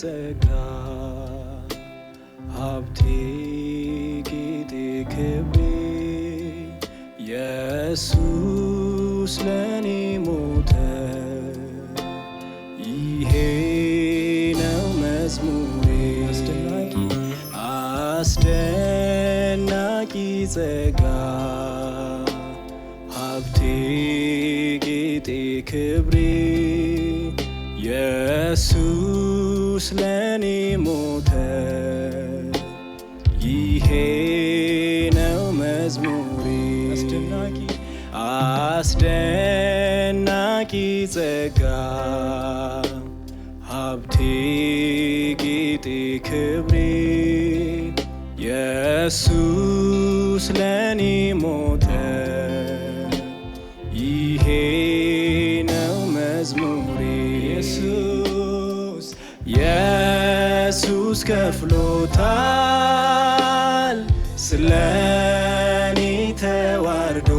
ጸጋ ሀብቴ ጌጤ ክብሬ የሱስ ለኔ ሞተ ይሄ ነው መዝሙሬ አስደናቂ አስደናቂ ጸጋ ሀብቴ ጌጤ ክብሬ የሱስ ኢየሱስ ለኔ ሞተ፣ ይሄ ነው መዝሙሬ። አስደናቂ አስደናቂ ጸጋ ሀብቴ ጌጤ ክብሬ ኢየሱስ ስለኔ ተዋርዶ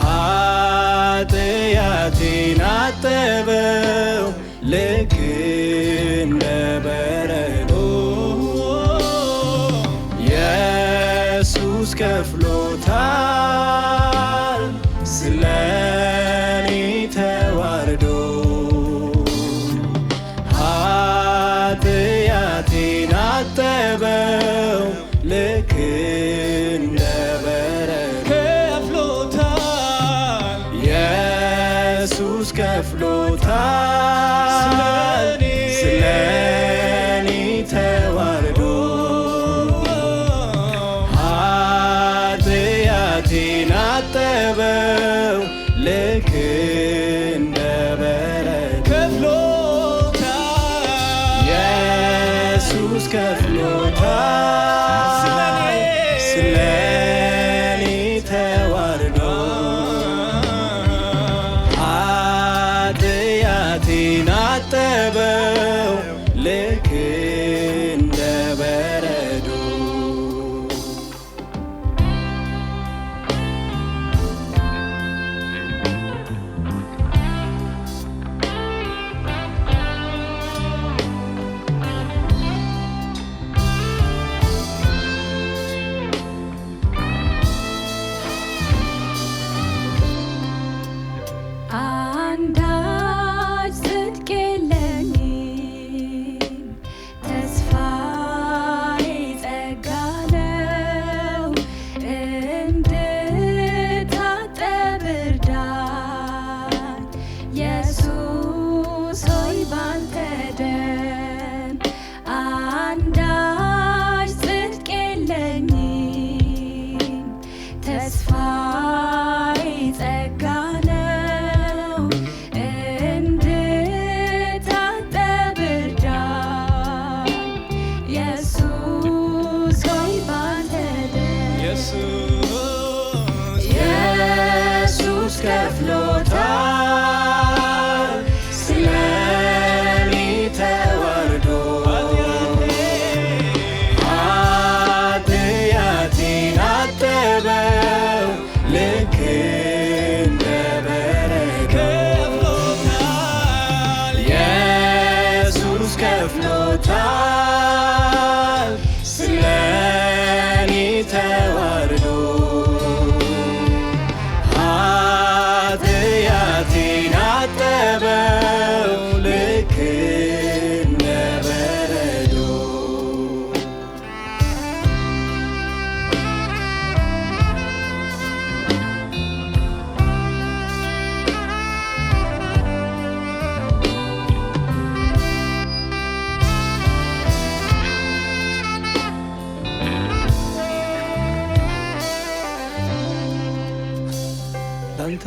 ኃጢአቴን አጠበ Le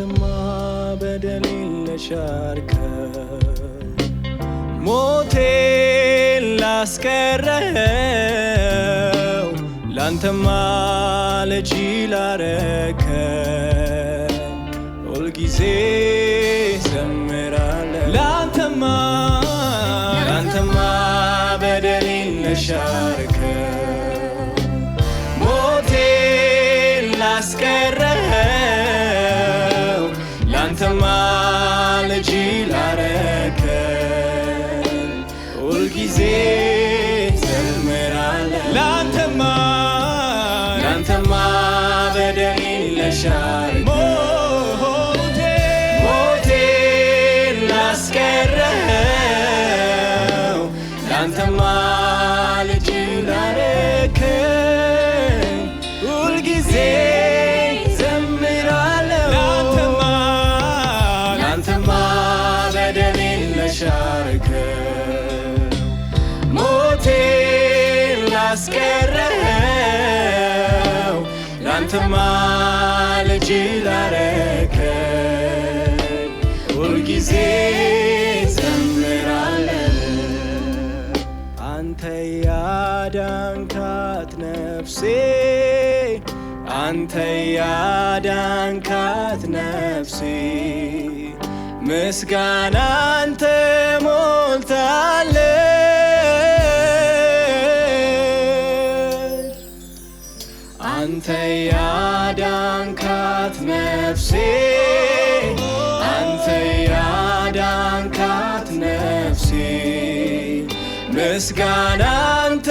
አንተማ በደሌን ለሻርከው ሞቴን ላስቀረው ላንተማ ልጅ ላረከ ሁልጊዜ ላንተማ ላንተማ በደሌን ሞቴን ላስቀረ ዘምራለሁ ላንተማ ላንተማ በደሌን ለሻ ላስቀረኸው ላንተማ ልጅ ላረከ ሁልጊዜ ዘምራለ አንተ ያዳንካት ነፍሴ አንተ ያዳንካት ነፍሴ ምስጋና አንተ ሞልታለች አንተ ያዳንካት ነፍሴ አንተ ያዳንካት ነፍሴ ምስጋና አንተ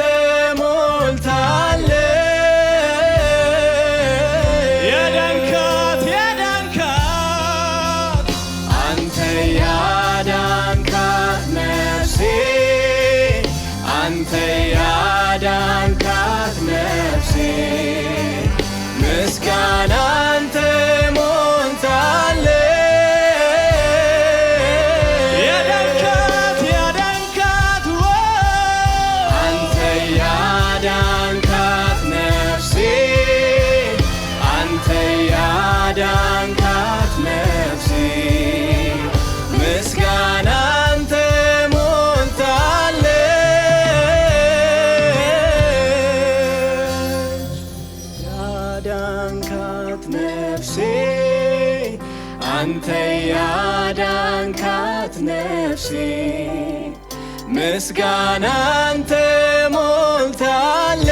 sana አንተ ያዳንካት ነፍሴ ምስጋና አንተ ሞልታለ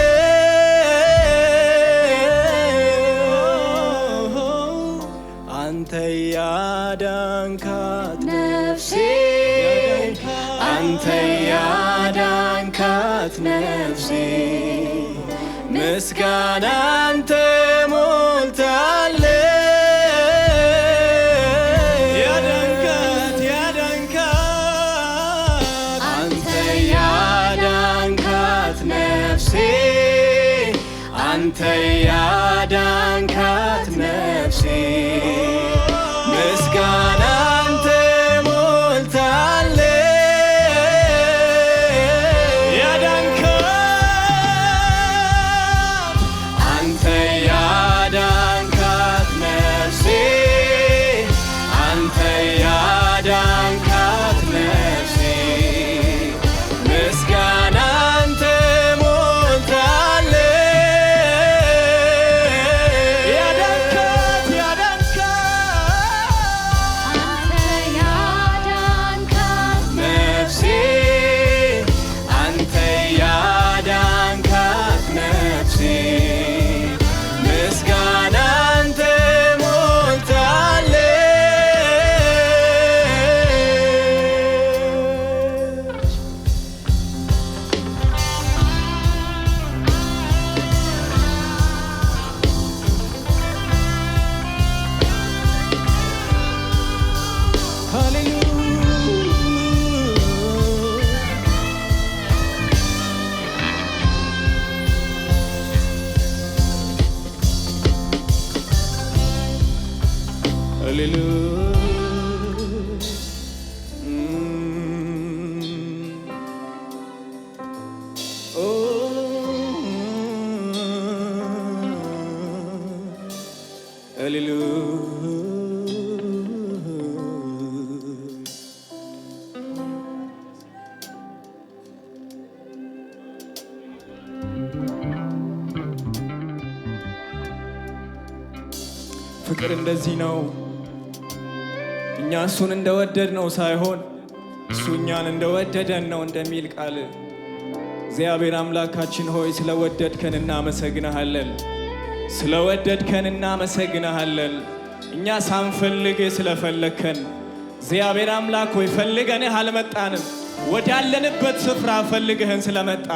አንተ ያዳንካት ነፍሴ አንተ ያዳንካት ነፍሴ ምስጋና አንተ ፍቅር እንደዚህ ነው። እኛ እሱን እንደወደድ ነው ሳይሆን እሱ እኛን እንደወደደን ነው እንደሚል ቃል እግዚአብሔር አምላካችን ሆይ ስለወደድከን እናመሰግንሃለን። ስለወደድከን እናመሰግንሃለን። እኛ ሳንፈልግ ስለፈለግከን እግዚአብሔር አምላክ ሆይ ፈልገንህ አልመጣንም፣ ወዳለንበት ስፍራ ፈልገህን ስለመጣ